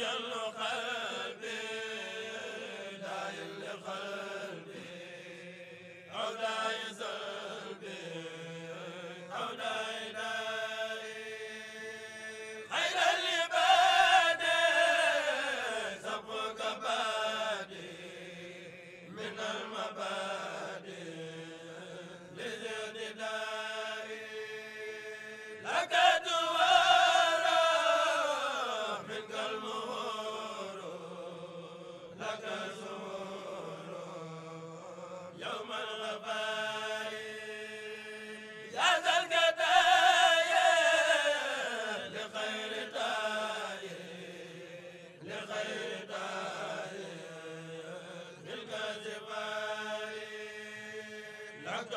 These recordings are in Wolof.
أبيض ذاك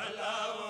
Allah